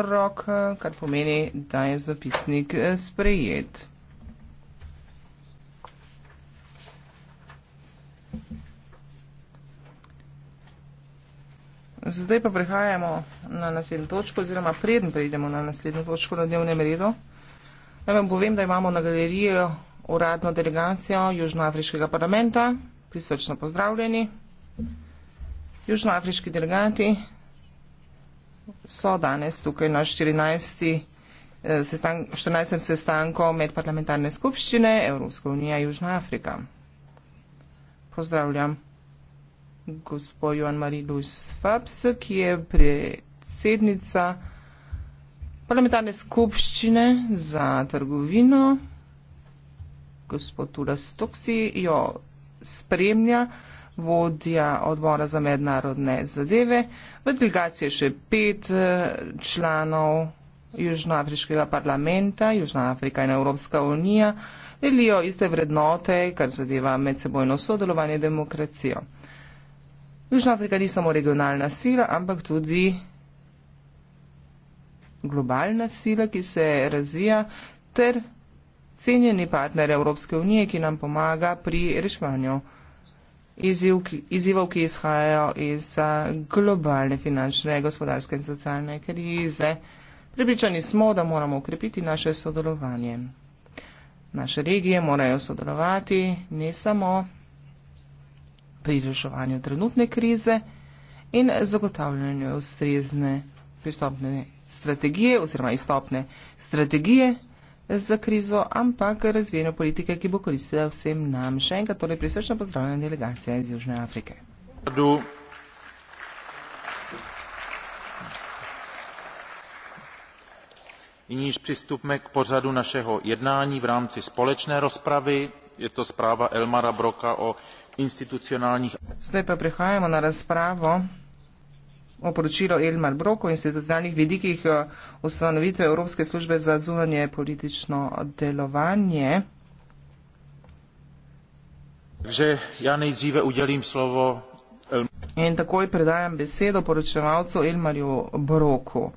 rok, eh, kar pomeni, da je zapisnik eh, sprejet. Zdaj pa prehajamo na naslednjo točko oziroma preden prejdemo na naslednjo točko na dnevnem redu. Naj vam povem, da imamo na galeriji uradno delegacijo Južnoafriškega parlamenta. Prisrčno pozdravljeni. Južnoafriški delegati so danes tukaj na 14. Sestank, 14. sestanku medparlamentarne skupščine Evropska unija Južna Afrika. Pozdravljam gospod Joan Marie Luis Fabs, ki je predsednica parlamentarne skupščine za trgovino. Gospod Tula Stoksi jo spremlja vodja odbora za mednarodne zadeve. V delegaciji je še pet eh, članov Južnoafriškega parlamenta, Južna Afrika in Evropska unija delijo iste vrednote, kar zadeva medsebojno sodelovanje in demokracijo. Južna Afrika ni samo regionalna sila, ampak tudi globalna sila, ki se razvija, ter cenjeni partner Evropske unije, ki nam pomaga pri reševanju izziv, ki, izzivov, ki izhajajo iz globalne finančne, gospodarske in socialne krize. Pripričani smo, da moramo ukrepiti naše sodelovanje. Naše regije morajo sodelovati ne samo pri reševanju trenutne krize in zagotavljanju ustrezne pristopne strategije oziroma izstopne strategije, za krizo, ampak razvijanju politike, ki bo koristila vsem nam. Še enkrat torej prisrčno pozdravljam delegacije iz Južne Afrike. Du. Nyní již přistupme k pořadu našeho jednání v rámci společné rozpravy. Je to zpráva Elmara Broka o institucionálních... Zde pa přicházíme na rozpravu o poročilu Elmar Broko in institucionalnih vidikih eh, ustanovitve Evropske službe za zunanje politično delovanje. Takže ja najdříve udělím slovo. In takoj predajam besedo poročevalcu Elmarju Broku.